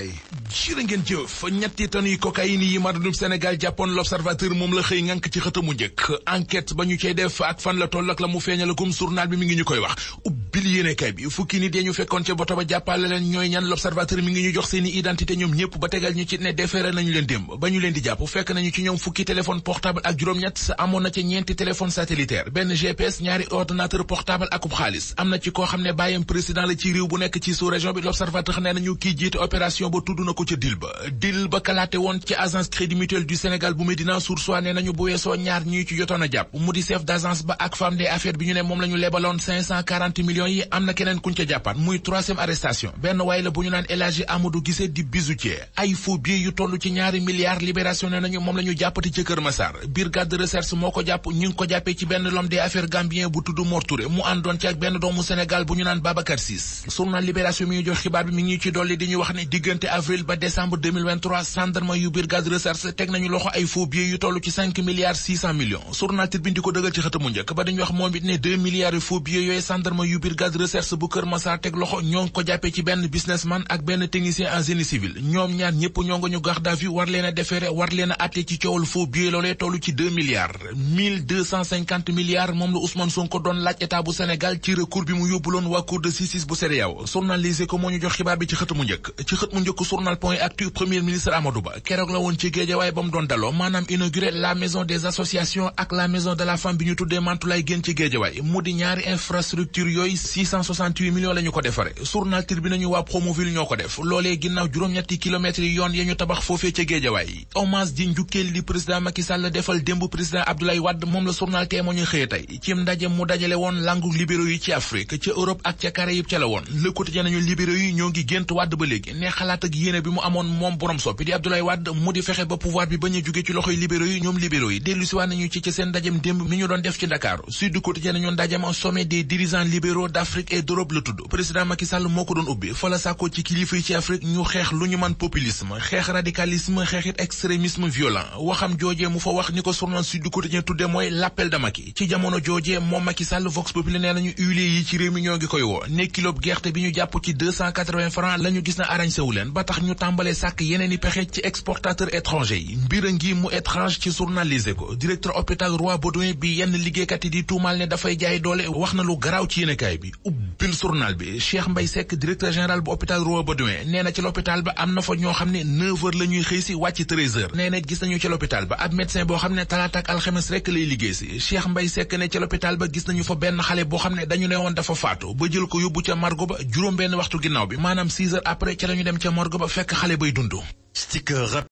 jërë ngeen jëf ñetti tonnes yi cocaïne yi madonub Sénégal jàppoon l'observateur moom la xëy ngànk ci xëtamu njëkk enquête ba ñu cay def fan la toll la mu feeñalagum journal bi mi ngi ñu koy wax pil yéene kay bi fukki nit yañu fekkoon ca boto ba jàppale leen ñooy ñan l'observateur mi ngi ñu jox seeni identité ñoom ñëpp ba tegal ñu ci ne defeere nañu leen démb ba ñu leen di jàpp fekk nañu ci ñoom fukki téléphone portable ak juróom-ñett sa amoon na ca ñeenti téléphone satellitaire benn gps ñaari ordinateur portable akub xaalis am na ci koo xam ne bàyyam président la ci réew bu nekk ci sous région bi l'observateur nee nañu kii jiite opération millions yi am na keneen kuñ ca jàppaat muy troisième arrestation benn waaye bu ñu naan El Amadou Guissé di bijoutier ay faux yu toll ci ñaari milliards libération ne nañu moom la ñu jàppati ci Kër Massar de recherche moo ko jàpp ñu ngi ko jàppee ci benn l'homme des affaires gambien bu tudd Mor Touré mu àndoon ci ak benn doomu Sénégal bu ñu naan Babacar Ciss journal mi ñu jox xibaar bi mi ngi ci dolli di ñu wax ne diggante teg nañu loxo ay brigade recherche bu Kër Massar teg loxo ñoo ngi ko jàppee ci benn businessman ak benn technicien en génie civil ñoom ñaar ñëpp ñoo ngi ñu garde à vue a defeere war leen ci coowal faux billets loolee toll ci milliards moom la Ousmane Sonko doon laaj état bu Sénégal ci recours bi mu yóbbuloon waa cour de justice bu CEDEAO journalisé ko moo ñu jox xibaar bi ci xët mu njëkk ci xët mu njëkk premier ministre Amadou Ba keroog la woon ci géejawaay ba mu doon daloo maanaam inauguré la maison des associations ak la maison de la femme bi ñu tuddee Mantoulaye Guène ci géejawaay mu di ñaari infrastructure yooyu 668 millions la ñu ko defare journal Tribune ñu waa Promoville ñoo ko def loolee ginnaaw juróom-ñetti kilomètres yi yoon ya ñu tabax foofee ca Géejawaay hommage ji njukkeel li président Macky Sall defal démb président Abdoulaye Wade moom la journal Témoin ñu xëye tey cim ndaje mu dajale woon langu libéraux yi ci Afrique ca Europe ak ca Caraïbes ca la woon Le Quotidien nañu libéraux yi ñoo ngi gént Wade ba léegi ne xalaat ak yéene bi mu amoon moom borom a bureau d'Afrique et d'Europe la tudd président Macky Sall moo ko doon ubbi fa la sàkkoo ci kilifa yi ci Afrique ñu xeex lu ñu man populisme xeex radicalisme xeexit extrémisme violent waxam joojee mu fa wax ni ko journal Sud Quotidien tudde mooy l'appel de Macky ci jamono joojee moom Macky Sall Vox Populi nee nañu huiliers yi ci réew ngi koy woo ne kilo gerte bi ñu jàpp ci 280 francs la ñu gis na arrangé wu leen ba tax ñu tàmbalee sàkk yeneen i pexe ci exportateur étranger yi mbir a ngi étrange ci journal Les Échos directeur hôpital Roi Baudouin bi yenn yi di tuumal ne dafay jaay doole wax na lu garaaw ci yéenekaay yéenekaay bi ubbil journal bi Cheikh Mbaye Seck directeur général bu hôpital Roi Baudouin nee na ci l'hôpital ba am na fa ñoo xam ne 9h la ñuy xëy si wàcc 13h gis nañu ci l'hôpital ba ab médecin boo xam ne talaata ak alxames rek lay liggéey si Cheikh Mbaye Seck ne ci l'hôpital ba gis nañu fa benn xale boo xam ne dañu ne woon dafa faatu ba jël ko yóbbu ca morgue ba juróom benn waxtu ginnaaw bi maanaam 6h après ci lañu dem ca morgue ba fekk xale